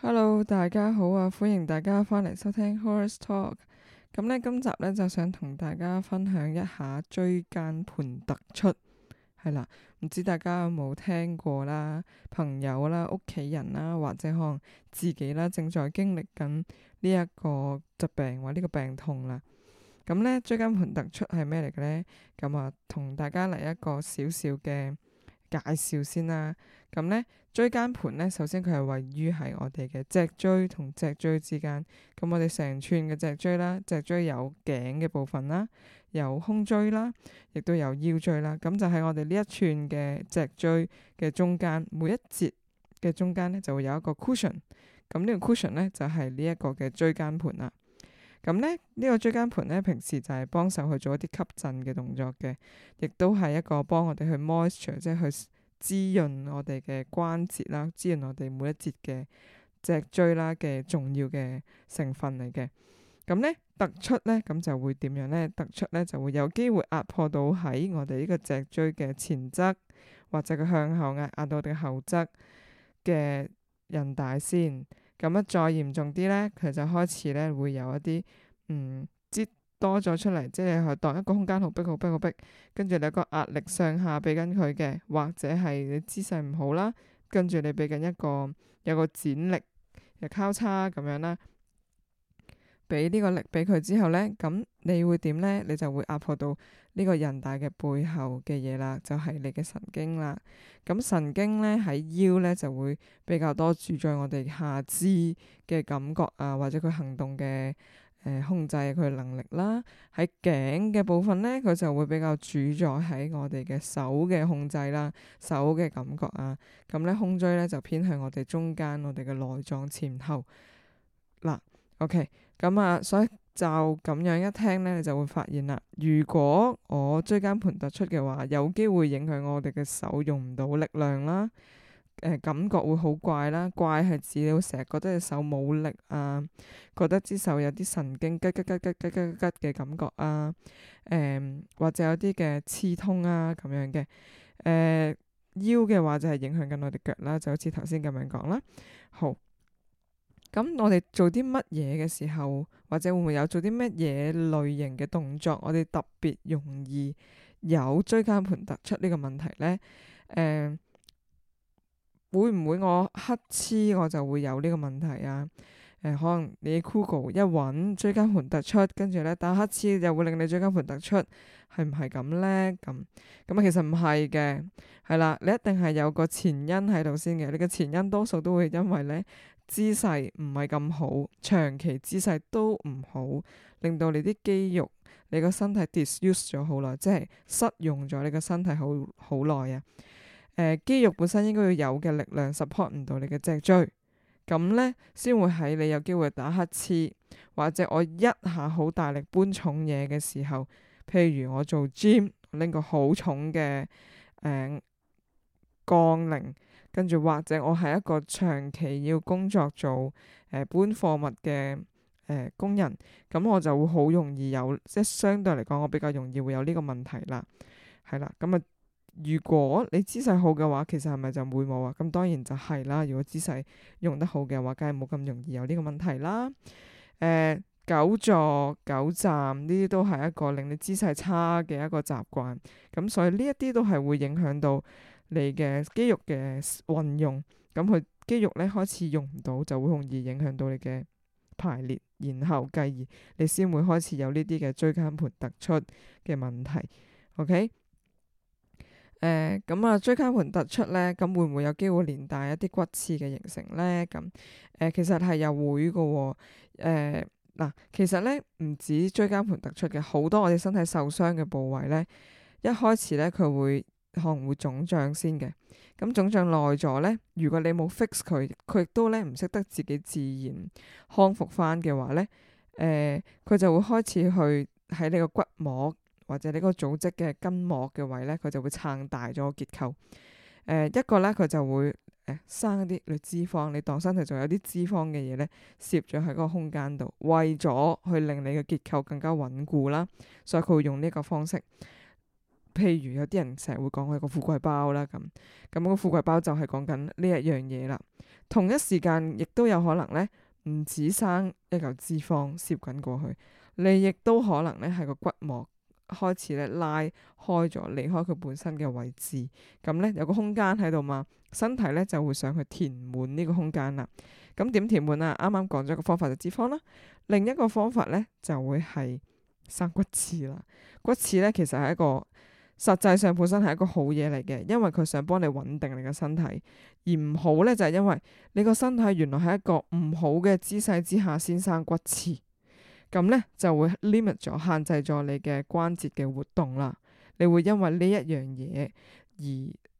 Hello，大家好啊！歡迎大家翻嚟收聽 Horis Talk。咁咧，今集咧就想同大家分享一下椎間盤突出，係啦，唔知大家有冇聽過啦，朋友啦、屋企人啦，或者可能自己啦，正在經歷緊呢一個疾病或呢個病痛啦。咁咧，椎間盤突出係咩嚟嘅咧？咁啊，同大家嚟一個小小嘅介紹先啦，咁咧椎間盤咧，首先佢係位於喺我哋嘅脊椎同脊椎之間。咁我哋成串嘅脊椎啦，脊椎有頸嘅部分啦，有胸椎啦，亦都有腰椎啦。咁就喺我哋呢一串嘅脊椎嘅中間，每一節嘅中間咧就會有一個 cushion cus。咁呢個 cushion 咧就係呢一個嘅椎間盤啦。咁咧呢，呢個椎間盤咧，平時就係幫手去做一啲吸震嘅動作嘅，亦都係一個幫我哋去 moisture，即係去滋潤我哋嘅關節啦，滋潤我哋每一節嘅脊椎啦嘅重要嘅成分嚟嘅。咁咧突出咧，咁就會點樣咧？突出咧就，就會有機會壓迫到喺我哋呢個脊椎嘅前側，或者佢向後壓壓到我哋後側嘅韌帶先。咁啊再嚴重啲咧，佢就開始咧會有一啲。嗯，擠多咗出嚟，即係當一個空間好逼，好逼，好逼，跟住你有個壓力上下俾緊佢嘅，或者係你姿勢唔好啦，跟住你俾緊一個有一個剪力嘅交叉咁樣啦，俾呢個力俾佢之後咧，咁你會點咧？你就會壓迫到呢個人大嘅背後嘅嘢啦，就係你嘅神經啦。咁神經咧喺腰咧就會比較多主宰我哋下肢嘅感覺啊，或者佢行動嘅。控制佢能力啦，喺頸嘅部分咧，佢就會比較主宰喺我哋嘅手嘅控制啦，手嘅感覺啊。咁、嗯、咧，胸椎咧就偏向我哋中間，我哋嘅內臟前後啦，啊。OK，咁、嗯、啊，所以就咁樣一聽咧，你就會發現啦。如果我椎間盤突出嘅話，有機會影響我哋嘅手用唔到力量啦。啊誒、呃，感覺會好怪啦，怪係指你成日覺得隻手冇力啊，覺得隻手有啲神經吉吉吉吉吉吉吉嘅感覺啊，誒、呃，或者有啲嘅刺痛啊咁樣嘅，誒、呃，腰嘅話就係影響緊我哋腳啦，就好似頭先咁樣講啦。好，咁我哋做啲乜嘢嘅時候，或者會唔會有做啲乜嘢類型嘅動作，我哋特別容易有椎間盤突出呢個問題咧？誒、呃。會唔會我乞嗤我就會有呢個問題啊？誒、呃，可能你 Google 一搵椎間盤突出，跟住咧打乞嗤就會令你椎間盤突出，係唔係咁咧？咁咁啊，其實唔係嘅，係啦，你一定係有個前因喺度先嘅。你嘅前因多數都會因為咧姿勢唔係咁好，長期姿勢都唔好，令到你啲肌肉、你個身體 disuse 咗好耐，即係失用咗你個身體好好耐啊。誒、呃、肌肉本身應該要有嘅力量 support 唔到你嘅脊椎，咁咧先會喺你有機會打乞嗤，或者我一下好大力搬重嘢嘅時候，譬如我做 gym 拎個好重嘅誒槓鈴，跟、呃、住或者我係一個長期要工作做誒、呃、搬貨物嘅誒、呃、工人，咁我就會好容易有，即係相對嚟講我比較容易會有呢個問題啦，係啦，咁啊。如果你姿勢好嘅話，其實係咪就會冇啊？咁當然就係啦。如果姿勢用得好嘅話，梗係冇咁容易有呢個問題啦。誒、呃，久坐、久站呢啲都係一個令你姿勢差嘅一個習慣。咁所以呢一啲都係會影響到你嘅肌肉嘅運用。咁佢肌肉呢開始用唔到，就會容易影響到你嘅排列，然後繼而你先會開始有呢啲嘅椎間盤突出嘅問題。OK？誒、咁、呃、啊，椎間盤突出咧，咁會唔會有機會連帶一啲骨刺嘅形成咧？咁，誒、呃，其實係有會嘅、哦。誒、呃，嗱，其實咧唔止椎間盤突出嘅，好多我哋身體受傷嘅部位咧，一開始咧佢會可能會腫脹先嘅。咁腫脹耐咗咧，如果你冇 fix 佢，佢亦都咧唔識得自己自然康復翻嘅話咧，誒、呃，佢就會開始去喺你個骨膜。或者你嗰個組織嘅筋膜嘅位咧，佢就會撐大咗個結構。誒、呃，一個咧佢就會誒、哎、生啲你脂肪，你當身體仲有啲脂肪嘅嘢咧，攝咗喺嗰個空間度，為咗去令你嘅結構更加穩固啦。所以佢會用呢個方式。譬如有啲人成日會講佢係個富貴包啦，咁咁、咁個富貴包就係講緊呢一樣嘢啦。同一時間亦都有可能咧，唔止生一嚿脂肪攝緊過去，你亦都可能咧係個骨膜，開始咧拉開咗，離開佢本身嘅位置，咁咧有個空間喺度嘛，身體咧就會想去填滿呢個空間啦。咁點填滿啊？啱啱講咗個方法就脂肪啦，另一個方法咧就會係生骨刺啦。骨刺咧其實係一個實際上本身係一個好嘢嚟嘅，因為佢想幫你穩定你嘅身體，而唔好咧就係、是、因為你個身體原來係一個唔好嘅姿勢之下先生骨刺。咁咧就會 limit 咗限制咗你嘅關節嘅活動啦。你會因為呢一樣嘢而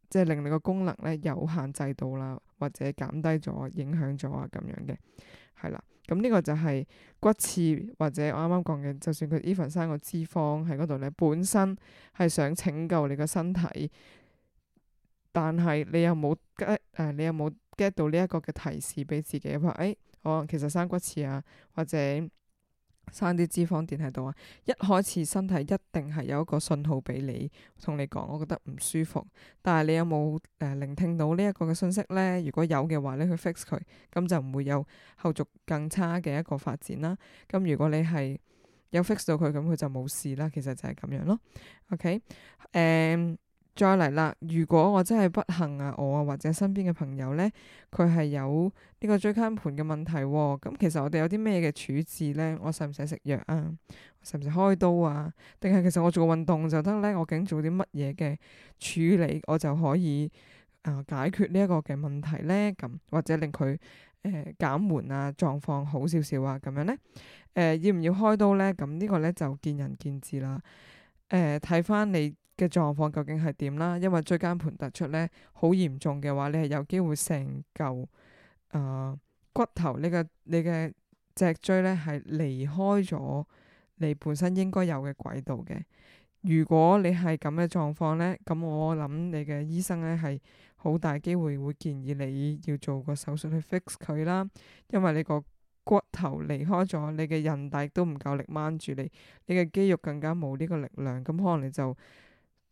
即係令你個功能咧有限制到啦，或者減低咗影響咗啊，咁樣嘅係啦。咁呢、這個就係骨刺或者我啱啱講嘅，就算佢 even 生個脂肪喺嗰度咧，本身係想拯救你個身體，但係你又冇 get、啊、你又冇 get 到呢一個嘅提示俾自己話，誒、哎、我其實生骨刺啊，或者～生啲脂肪墊喺度啊！一開始身體一定係有一個信號俾你，同你講，我覺得唔舒服。但係你有冇誒、呃、聆聽到呢一個嘅信息？咧？如果有嘅話，你去 fix 佢，咁就唔會有後續更差嘅一個發展啦。咁如果你係有 fix 到佢，咁佢就冇事啦。其實就係咁樣咯。OK，誒、um,。再嚟啦！如果我真係不幸、哦嗯、不啊，我啊或者身邊嘅朋友咧，佢係有呢個椎間盤嘅問題，咁其實我哋有啲咩嘅處置咧？我使唔使食藥啊？使唔使開刀啊？定係其實我做個運動就得咧？我究竟做啲乜嘢嘅處理，我就可以啊、呃、解決呢一個嘅問題咧？咁、嗯、或者令佢誒減緩啊狀況好少少啊咁樣咧？誒、呃、要唔要開刀咧？咁、嗯這個、呢個咧就見仁見智啦。誒睇翻你。嘅狀況究竟係點啦？因為椎間盤突出咧，好嚴重嘅話，你係有機會成嚿誒骨頭，呢個你嘅脊椎咧係離開咗你本身應該有嘅軌道嘅。如果你係咁嘅狀況咧，咁我諗你嘅醫生咧係好大機會會建議你要做個手術去 fix 佢啦，因為你個骨頭離開咗，你嘅韌帶都唔夠力掹住你，你嘅肌肉更加冇呢個力量，咁可能你就～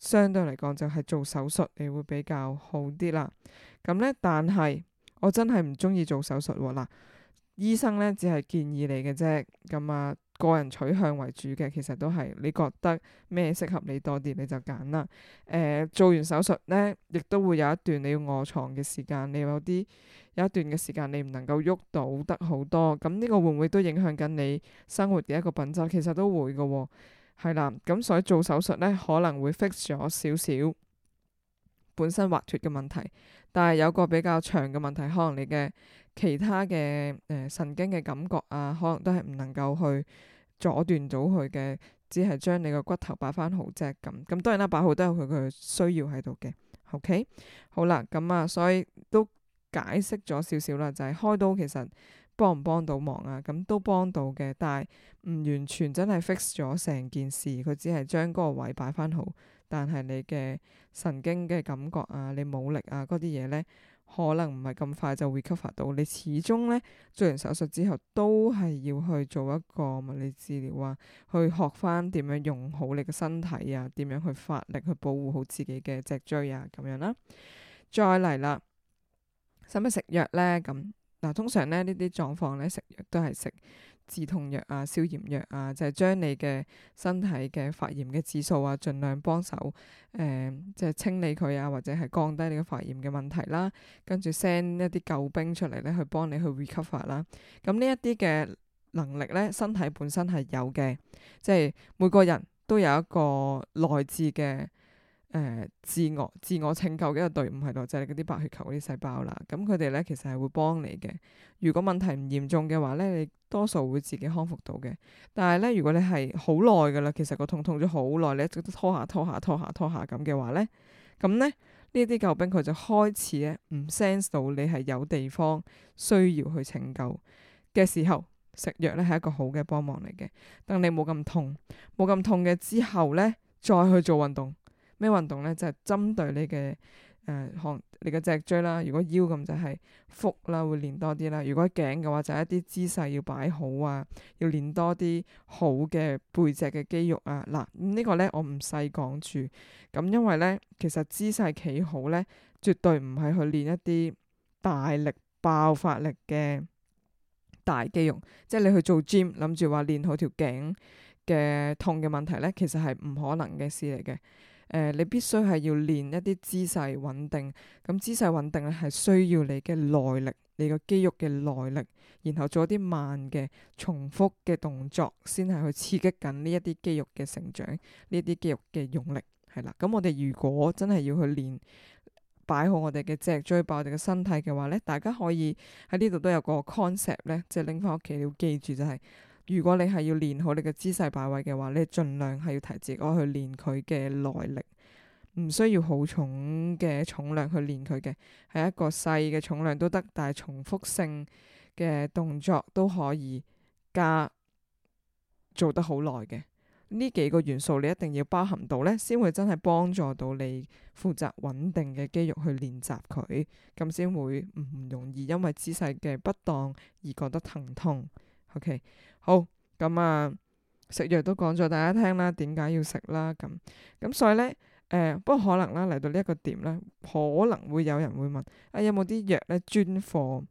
相對嚟講就係、是、做手術你會比較好啲啦，咁咧但係我真係唔中意做手術喎、啊、嗱，醫生咧只係建議你嘅啫，咁、嗯、啊個人取向為主嘅，其實都係你覺得咩適合你多啲你就揀啦，誒、呃、做完手術咧亦都會有一段你要卧床嘅時間，你有啲有一段嘅時間你唔能夠喐到得好多，咁、嗯、呢、這個會唔會都影響緊你生活嘅一個品質？其實都會㗎、啊。係啦，咁所以做手術咧，可能會 fix 咗少少本身滑脱嘅問題，但係有個比較長嘅問題，可能你嘅其他嘅誒、呃、神經嘅感覺啊，可能都係唔能夠去阻斷到佢嘅，只係將你個骨頭擺翻好啫。咁咁當然啦，擺好都有佢嘅需要喺度嘅。OK，好啦，咁啊，所以都解釋咗少少啦，就係、是、開刀其實。幫唔幫到忙啊？咁都幫到嘅，但係唔完全真係 fix 咗成件事，佢只係將嗰個位擺翻好。但係你嘅神經嘅感覺啊，你冇力啊嗰啲嘢咧，可能唔係咁快就會 recover 到。你始終咧做完手術之後，都係要去做一個物理治療啊，去學翻點樣用好你嘅身體啊，點樣去發力去保護好自己嘅脊椎啊，咁樣啦。再嚟啦，使唔使食藥咧？咁。嗱，通常咧呢啲狀況咧，食藥都係食止痛藥啊、消炎藥啊，就係、是、將你嘅身體嘅發炎嘅指數啊，盡量幫手誒，即、呃、係、就是、清理佢啊，或者係降低你嘅發炎嘅問題啦。跟住 send 一啲救兵出嚟咧，去幫你去 recover 啦。咁呢一啲嘅能力咧，身體本身係有嘅，即、就、係、是、每個人都有一個內置嘅。誒、呃，自我自我拯救嘅一個隊伍喺度，就係嗰啲白血球嗰啲細胞啦。咁佢哋咧，其實係會幫你嘅。如果問題唔嚴重嘅話咧，你多數會自己康復到嘅。但係咧，如果你係好耐噶啦，其實個痛痛咗好耐，你一直拖下拖下拖下拖下咁嘅話咧，咁咧呢啲救兵佢就開始咧唔 sense 到你係有地方需要去拯救嘅時候，食藥咧係一個好嘅幫忙嚟嘅。等你冇咁痛冇咁痛嘅之後咧，再去做運動。咩運動咧，就係、是、針對你嘅誒項你嘅脊椎啦。如果腰咁就係腹啦，會練多啲啦。如果頸嘅話，就是、一啲姿勢要擺好啊，要練多啲好嘅背脊嘅肌肉啊。嗱，這個、呢個咧我唔細講住，咁因為咧其實姿勢企好咧，絕對唔係去練一啲大力爆發力嘅大肌肉，即係你去做 gym 諗住話練好條頸嘅痛嘅問題咧，其實係唔可能嘅事嚟嘅。誒、呃，你必須係要練一啲姿勢穩定，咁姿勢穩定咧係需要你嘅耐力，你個肌肉嘅耐力，然後做一啲慢嘅重複嘅動作，先係去刺激緊呢一啲肌肉嘅成長，呢啲肌肉嘅用力，係啦。咁我哋如果真係要去練擺好我哋嘅脊椎，擺好我哋嘅身體嘅話咧，大家可以喺呢度都有個 concept 咧，即係拎翻屋企你要記住、就是，就係。如果你係要練好你嘅姿勢擺位嘅話，你盡量係要提自己去練佢嘅耐力，唔需要好重嘅重量去練佢嘅，係一個細嘅重量都得，但係重複性嘅動作都可以加做得好耐嘅，呢幾個元素，你一定要包含到咧，先會真係幫助到你負責穩定嘅肌肉去練習佢，咁先會唔容易因為姿勢嘅不當而覺得疼痛。OK。好咁啊，食藥都講咗大家聽啦，點解要食啦？咁咁所以咧，誒、呃，不過可能啦，嚟到呢一個點咧，可能會有人會問啊，有冇啲藥咧專貨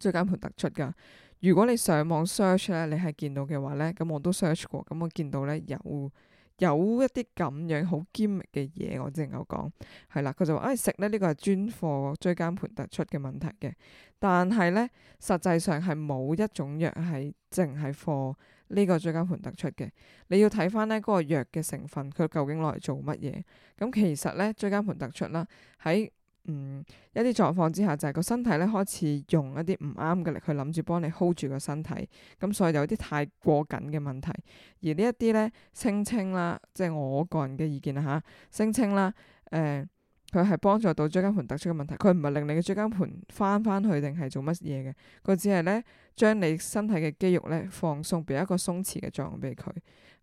椎間盤突出噶？如果你上網 search 咧，你係見到嘅話咧，咁我都 search 過，咁我見到咧有。有一啲咁樣好堅密嘅嘢，我正有講，係啦，佢就話，哎，食咧呢個係專貨椎間盤突出嘅問題嘅，但係咧，實際上係冇一種藥係淨係貨呢個椎間盤突出嘅，你要睇翻咧嗰個藥嘅成分，佢究竟攞嚟做乜嘢？咁、嗯、其實咧，椎間盤突出啦，喺嗯，一啲狀況之下就係個身體咧開始用一啲唔啱嘅力去諗住幫你 hold 住個身體，咁、嗯、所以有啲太過緊嘅問題。而呢一啲咧，聲稱啦，即係我個人嘅意見啦嚇，聲稱啦，誒、呃，佢係幫助到椎間盤突出嘅問題，佢唔係令你嘅椎間盤翻翻去定係做乜嘢嘅，佢只係咧將你身體嘅肌肉咧放鬆，俾一個鬆弛嘅作用俾佢，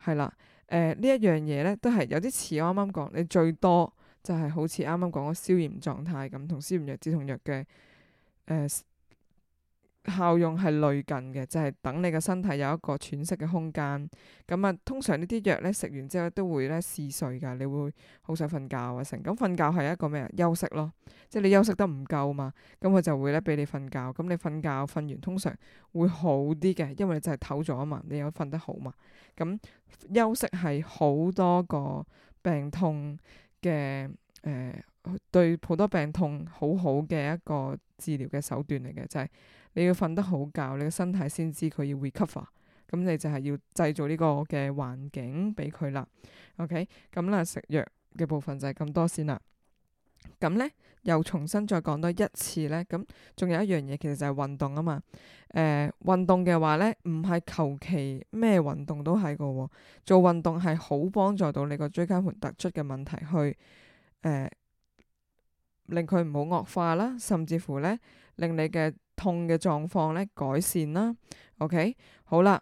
係啦，誒、呃、呢一樣嘢咧都係有啲似我啱啱講，你最多。就係好似啱啱講嗰消炎狀態咁，同消炎藥止痛藥嘅誒、呃、效用係類近嘅，就係、是、等你個身體有一個喘息嘅空間。咁、嗯、啊，通常呢啲藥咧食完之後都會咧嗜睡噶，你會好想瞓覺啊。成咁瞓覺係一個咩啊？休息咯，即係你休息得唔夠嘛，咁佢就會咧俾你瞓覺。咁你瞓覺瞓完，通常會好啲嘅，因為你真係唞咗啊嘛，你又瞓得好嘛。咁、嗯、休息係好多個病痛嘅誒、呃，對好多病痛好好嘅一個治療嘅手段嚟嘅，就係、是、你要瞓得好覺，你嘅身體先知佢要 recover，咁你就係要製造呢個嘅環境俾佢啦。OK，咁啦，食藥嘅部分就係咁多先啦。咁咧又重新再講多一次咧，咁仲有一樣嘢，其實就係運動啊嘛。誒、呃，運動嘅話咧，唔係求其咩運動都係個、哦，做運動係好幫助到你個椎間盤突出嘅問題去誒、呃，令佢唔好惡化啦，甚至乎咧令你嘅痛嘅狀況咧改善啦。OK，好啦，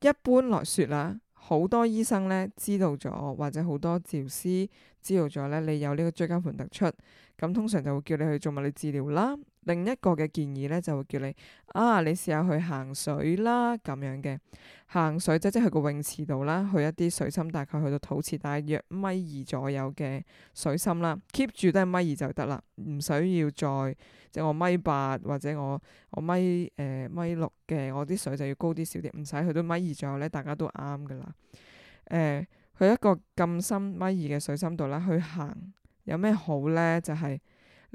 一般來說啦。好多醫生咧知道咗，或者好多治療師知道咗咧，你有呢個椎間盤突出，噉通常就會叫你去做物理治療啦。另一個嘅建議咧，就會叫你啊，你試下去行水啦，咁樣嘅行水即係即係去個泳池度啦，去一啲水深大概去到肚臍，大約米二左右嘅水深啦，keep 住都係米二就得啦，唔使要再即係我米八或者我我米誒、呃、米六嘅，我啲水就要高啲少啲，唔使去到米二左右咧，大家都啱噶啦。誒、呃，去一個咁深米二嘅水深度啦，去行有咩好咧？就係、是。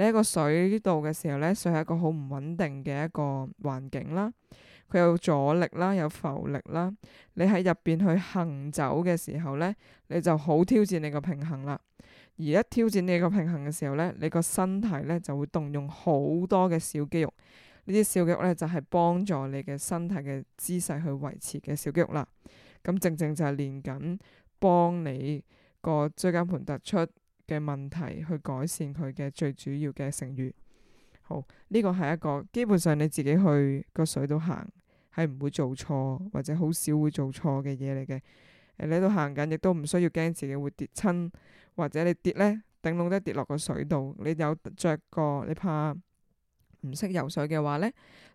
喺一個水度嘅時候咧，水係一個好唔穩定嘅一個環境啦，佢有阻力啦，有浮力啦。你喺入邊去行走嘅時候咧，你就好挑戰你個平衡啦。而一挑戰你個平衡嘅時候咧，你個身體咧就會動用好多嘅小肌肉，呢啲小肌肉咧就係幫助你嘅身體嘅姿勢去維持嘅小肌肉啦。咁正正就係練緊幫你個椎間盤突出，嘅問題去改善佢嘅最主要嘅成因，好，呢個係一個基本上你自己去個水度行，係唔會做錯或者好少會做錯嘅嘢嚟嘅。誒，你喺度行緊亦都唔需要驚自己會跌親，或者你跌咧，頂籠都跌落個水度，你有着過你怕。唔識游水嘅話呢，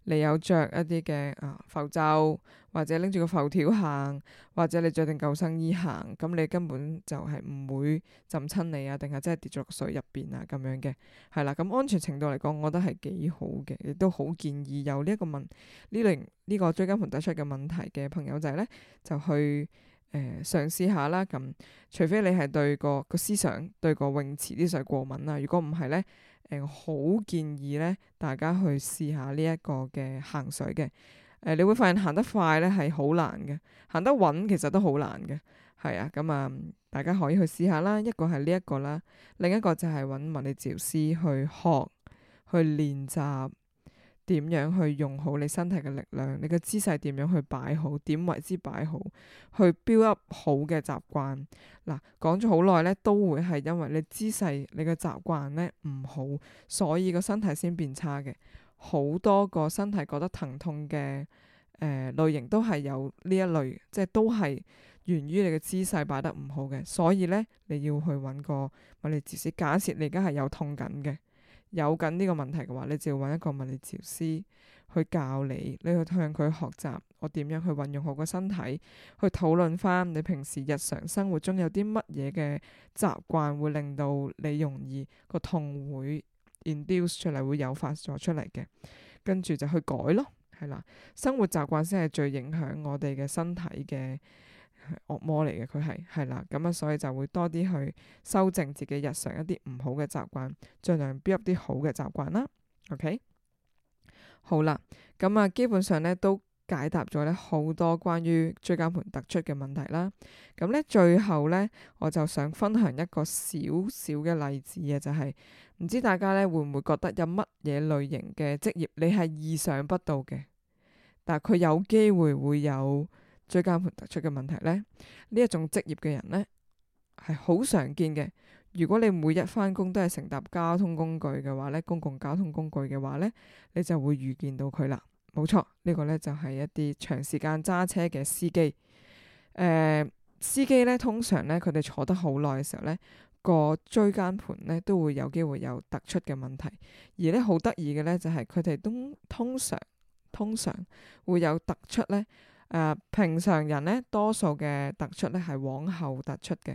你有着一啲嘅，啊浮罩，或者拎住個浮條行，或者你着定救生衣行，咁你根本就係唔會浸親你啊，定係真係跌咗落水入邊啊咁樣嘅，係啦，咁、嗯、安全程度嚟講，我覺得係幾好嘅，亦都好建議有呢一個問呢零呢個椎間盤突出嘅問題嘅朋友就係咧，就去。誒、呃，嘗試下啦。咁、嗯、除非你係對個個思想、對個泳池啲水過敏啦。如果唔係咧，誒、呃，好建議咧，大家去試下呢一個嘅行水嘅。誒、呃，你會發現行得快咧係好難嘅，行得穩其實都好難嘅。係啊，咁、嗯、啊，大家可以去試下啦。一個係呢一個啦，另一個就係揾物理治療師去學去練習。點樣去用好你身體嘅力量？你嘅姿勢點樣去擺好？點為之擺好？去 build up 好嘅習慣。嗱、啊，講咗好耐咧，都會係因為你姿勢、你嘅習慣咧唔好，所以個身體先變差嘅。好多個身體覺得疼痛嘅誒、呃、類型，都係有呢一類，即係都係源於你嘅姿勢擺得唔好嘅。所以咧，你要去揾個，我哋即使假設你而家係有痛緊嘅。有緊呢個問題嘅話，你就要揾一個物理治療師去教你，你去向佢學習，我點樣去運用好個身體，去討論翻你平時日常生活中有啲乜嘢嘅習慣會令到你容易個痛會 induce 出嚟，會誘發咗出嚟嘅，跟住就去改咯，係啦，生活習慣先係最影響我哋嘅身體嘅。惡魔嚟嘅，佢係係啦，咁啊，所以就會多啲去修正自己日常一啲唔好嘅習慣，盡量入啲好嘅習慣啦。OK，好啦，咁、嗯、啊，基本上咧都解答咗咧好多關於椎間盤突出嘅問題啦。咁、嗯、咧，最後咧，我就想分享一個小小嘅例子嘅、啊，就係、是、唔知大家咧會唔會覺得有乜嘢類型嘅職業你係意想不到嘅，但係佢有機會會有。椎間盤突出嘅問題呢，呢一種職業嘅人呢係好常見嘅。如果你每一返工都係乘搭交通工具嘅話呢，公共交通工具嘅話呢，你就會遇見到佢啦。冇錯，呢個呢就係一啲長時間揸車嘅司機。呃，司機呢通常呢，佢哋坐得好耐嘅時候呢，個椎間盤呢都會有機會有突出嘅問題。而呢好得意嘅呢，就係佢哋通通常通常會有突出呢。誒，uh, 平常人咧，多數嘅突出咧係往後突出嘅。誒、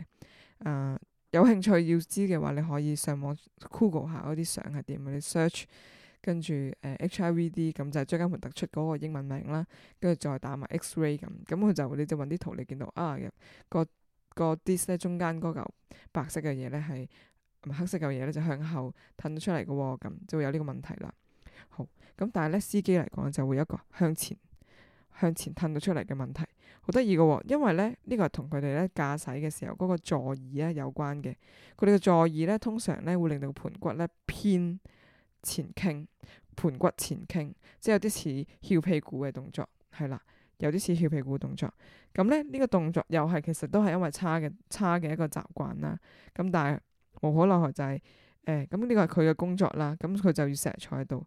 uh，有興趣要知嘅話，你可以上網 Google 下嗰啲相係點，你 search，uh, 跟住誒 HIVD，咁就係椎間盤突出嗰個英文名啦。跟住再打埋 X-ray 咁，咁佢就你就搵啲圖，你見到啊、嗰個、嗰個 disk 中間嗰嚿白色嘅嘢咧係黑色嚿嘢咧就向後褪出嚟嘅喎，咁就，就會有呢個問題啦。好，咁但係咧司機嚟講就會有一個向前，向前褪到出嚟嘅問題，好得意嘅，因為咧呢個係同佢哋咧駕駛嘅時候嗰個座椅咧有關嘅。佢哋嘅座椅咧通常咧會令到盆骨咧偏前傾，盆骨前傾，即係有啲似翹屁股嘅動作，係啦，有啲似翹屁股嘅動作。咁咧呢個動作又係其實都係因為差嘅差嘅一個習慣啦。咁但係無可奈何就係誒，咁呢個係佢嘅工作啦，咁佢就要成日坐喺度。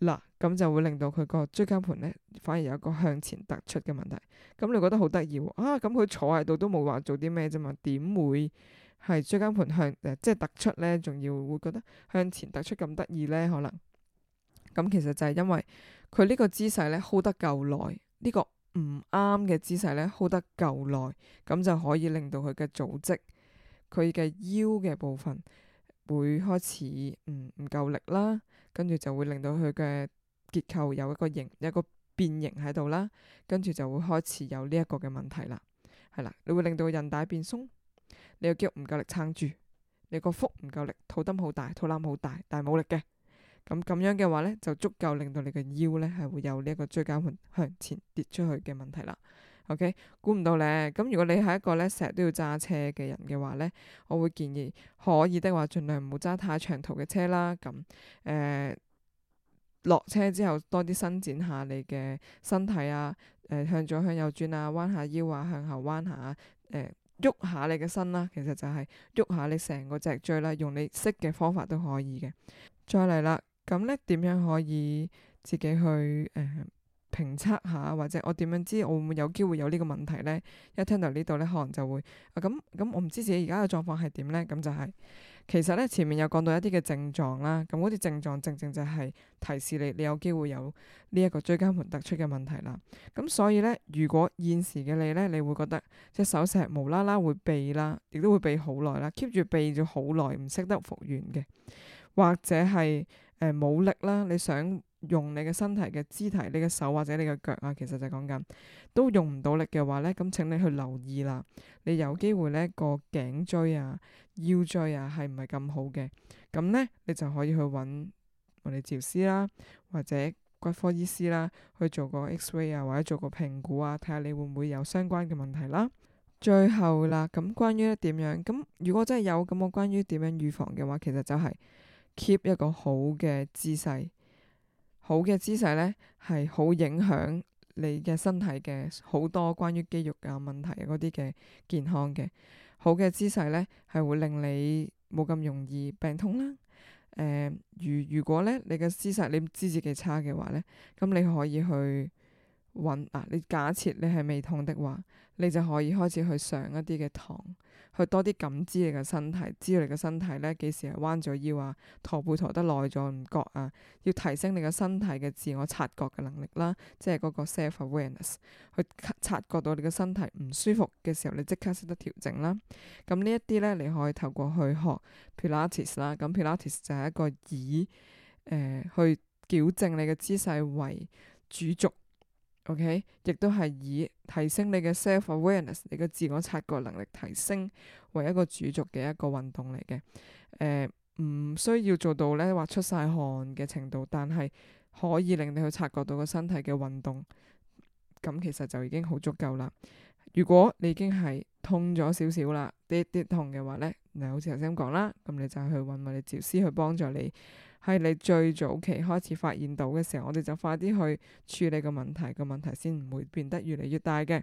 嗱，咁就會令到佢個椎間盤咧，反而有一個向前突出嘅問題。咁你覺得好得意啊？咁佢坐喺度都冇話做啲咩啫嘛，點會係椎間盤向、呃、即係突出咧？仲要會覺得向前突出咁得意咧？可能咁其實就係因為佢呢個姿勢咧，hold 得夠耐，這個、呢個唔啱嘅姿勢咧，hold 得夠耐，咁就可以令到佢嘅組織，佢嘅腰嘅部分。會開始唔唔、嗯、夠力啦，跟住就會令到佢嘅結構有一個形、一個變形喺度啦，跟住就會開始有呢一個嘅問題啦，係啦，你會令到人帶變鬆，你個肌肉唔夠力撐住，你個腹唔夠力，肚墩好大，肚腩好大，但係冇力嘅，咁咁樣嘅話呢，就足夠令到你嘅腰呢係會有呢一個椎間盤向前跌出去嘅問題啦。OK，估唔到咧。咁如果你係一個咧成日都要揸車嘅人嘅話咧，我會建議可以的話盡量唔好揸太長途嘅車啦。咁，誒、呃、落車之後多啲伸展下你嘅身體啊，誒、呃、向左向右轉啊，彎下腰啊，向後彎下，誒、呃、喐下你嘅身啦。其實就係喐下你成個脊椎啦，用你識嘅方法都可以嘅。再嚟啦，咁咧點樣可以自己去誒？呃評測下或者我點樣知我會唔會有機會有呢個問題呢？一聽到呢度咧，可能就會啊咁咁，我唔知自己而家嘅狀況係點呢？咁、嗯、就係、是、其實呢，前面有講到一啲嘅症狀啦，咁嗰啲症狀正正就係提示你你有機會有呢一個椎間盤突出嘅問題啦。咁所以呢，如果現時嘅你呢，你會覺得隻手成無啦啦會痹啦，亦都會痹好耐啦，keep 住痹咗好耐，唔識得復原嘅，或者係誒冇力啦，你想用你嘅身體嘅肢體，你嘅手或者你嘅腳啊，其實就講緊都用唔到力嘅話呢，咁請你去留意啦。你有機會呢個頸椎啊、腰椎啊係唔係咁好嘅？咁呢？你就可以去揾我哋治療師啦，或者骨科醫師啦，去做個 X-ray 啊，或者做個評估啊，睇下你會唔會有相關嘅問題啦。最後啦，咁、嗯、關於點樣？咁、嗯、如果真係有咁，我關於點樣預防嘅話，其實就係 keep 一個好嘅姿勢。好嘅姿勢咧，係好影響你嘅身體嘅好多關於肌肉啊問題嗰啲嘅健康嘅。好嘅姿勢咧，係會令你冇咁容易病痛啦。誒、呃，如如果咧你嘅姿勢你知自己差嘅話咧，咁你可以去揾嗱、啊，你假設你係未痛的話，你就可以開始去上一啲嘅堂，去多啲感知你嘅身體，知道你嘅身體咧幾時係彎咗腰啊，駝背駝得耐咗唔覺啊，要提升你嘅身體嘅自我察覺嘅能力啦，即係嗰個 self awareness，去察覺到你嘅身體唔舒服嘅時候，你即刻識得調整啦。咁、嗯、呢一啲咧，你可以透過去學 Pilates 啦，咁 Pilates 就係一個以誒、呃、去矯正你嘅姿勢為主軸。OK，亦都係以提升你嘅 self awareness，你嘅自我察覺能力提升為一個主軸嘅一個運動嚟嘅。誒、呃，唔需要做到咧話出晒汗嘅程度，但係可以令你去察覺到個身體嘅運動。咁其實就已經好足夠啦。如果你已經係痛咗少少啦，啲啲痛嘅話咧。嗱，好似頭先咁講啦，咁你就去揾我哋治療師去幫助你，喺你最早期開始發現到嘅時候，我哋就快啲去處理個問題，個問題先唔會變得越嚟越大嘅。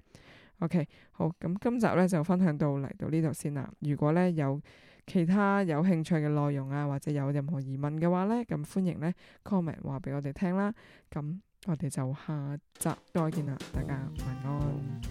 OK，好，咁今集咧就分享到嚟到呢度先啦。如果咧有其他有興趣嘅內容啊，或者有任何疑問嘅話咧，咁歡迎咧 comment 話俾我哋聽啦。咁我哋就下集再見啦，大家晚安，安。